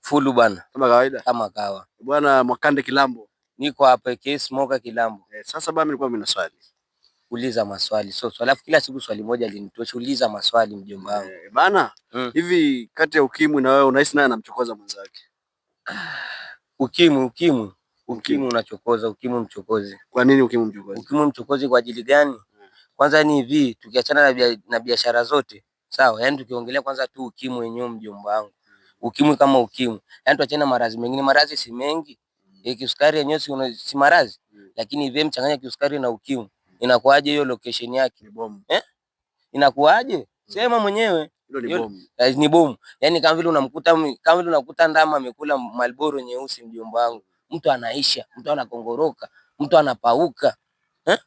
Fulu bana, kama kawaida, kama kawa bwana. Mwakande Kilambo, niko hapa kesi Moka Kilambo. Eh, sasa bwana, nilikuwa mimi swali. Uliza maswali so, so alafu kila siku swali moja linitosha. Uliza maswali mjomba wangu eh, bana mm. Hivi kati ya ukimwi na wewe unahisi naye anamchokoza mwenzake? Ukimwi, ukimwi, ukimwi unachokoza, ukimwi mchokozi. Kwa nini ukimwi mchokozi? Ukimwi mchokozi kwa ajili gani? Mm. Kwanza ni hivi, tukiachana na biashara zote sawa, yani tukiongelea kwanza tu ukimwi wenyewe mjomba wangu ukimwi kama ukimwi. Yani tuachane marazi mengine, marazi si mengi e, kisukari yenyewe si, si marazi mm. Lakini vile mchanganya kisukari na ukimwi inakuaje hiyo location yake eh? Inakuaje mm. Sema mwenyewe hilo ni bomu eh, yani, kama vile unamkuta kama vile unakuta ndama amekula malboro nyeusi, mjomba wangu, mtu anaisha, mtu anakongoroka, mtu anapauka eh?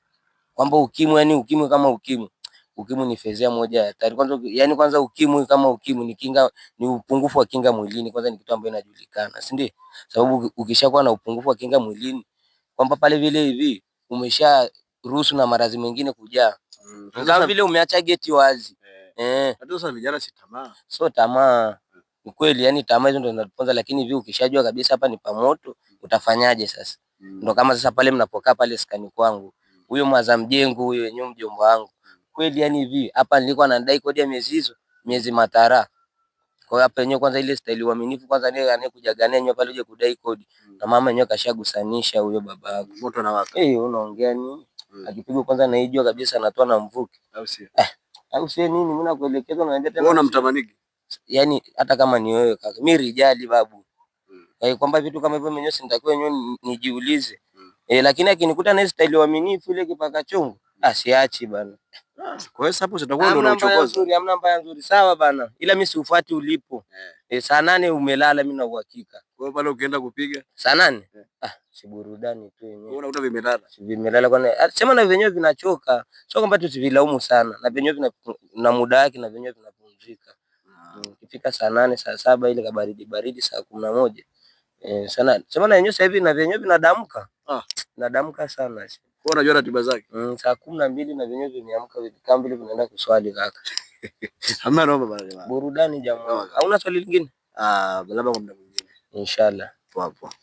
Kwamba ukimwi yani ukimwi kama ukimwi Ukimwi ni fezea moja ya hatari kwanza, yani kwanza ukimwi kama ukimwi ni kinga, ni upungufu wa kinga mwilini kwanza, ni kitu ambayo inajulikana, si ndio? Sababu ukishakuwa na upungufu wa kinga mwilini kwamba pale vile hivi umesha ruhusu na maradhi mengine kujaa mm. Kama vile umeacha geti wazi eh. eh. Hata Sasa vijana si tamaa, sio tamaa ni kweli, yani tamaa hizo ndo zinatuponza, lakini hivi ukishajua kabisa hapa ni pamoto, utafanyaje sasa? mm. Ndo kama sasa pale mnapokaa pale skani kwangu, mm. huyo mwaza mjengo huyo yenyewe mjomba wangu kweli, yani hivi hapa nilikuwa nadai kodi ya miezi hizo miezi matara. Kwa hiyo hapa yenyewe kwanza ile staili uaminifu kwanza ndio anayekujagania nyewe pale uje kudai kodi. Hmm. Na mama yenyewe kashagusanisha huyo baba yako. Moto na waka. Eh, unaongea nini? Hmm. Akipigwa kwanza naijua kabisa anatoa na mvuke. Au sio? Eh, au sio nini? Mimi nakuelekeza na ndio tena. Unaona mtamaniki? Yaani hata kama ni wewe kaka, mimi rijali babu. Hmm. Eh, kwamba vitu kama hivyo mimi nitakiwa nyewe nijiulize. Eh, lakini akinikuta na staili uaminifu ile kipaka chungu Asiachi ah, bana. Ah, kwa hiyo hapo utakuwa ndio unachokoza. Hamna mbaya nzuri. Sawa bana. Ila mimi siufuati ulipo. Yeah. E, eh, saa nane umelala mimi na uhakika. Kwa hiyo pale ukienda kupiga? Saa nane? Yeah. Ah, si burudani tu yenyewe. Wewe unakuta vimelala. Si vimelala kwa nini? Ah, sema na vyenyewe vinachoka. Sio kwamba tusivilaumu sana. Na vyenyewe vina na muda wake na vyenyewe vinapumzika. Ukifika mm, saa nane, saa saba ile kabaridi baridi saa kumi na moja. Eh, sana. Sema na yenyewe sasa hivi na vyenyewe vinadamka. Ah, Nadamka sana. Wewe unajua ratiba zake? Mm, saa kumi na mbili na vyenyewe vimeamka hivi vinaenda kuswali kaka. Hamna noma bana jamaa. Burudani jamaa. Hauna swali lingine? Ah, labda kwa muda mwingine. Inshallah. Poa poa.